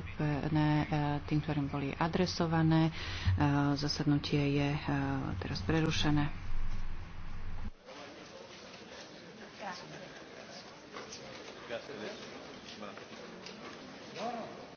prístupné e, tým, ktorým boli adresované. E, zasadnutie je e, teraz prerušené. Gracias.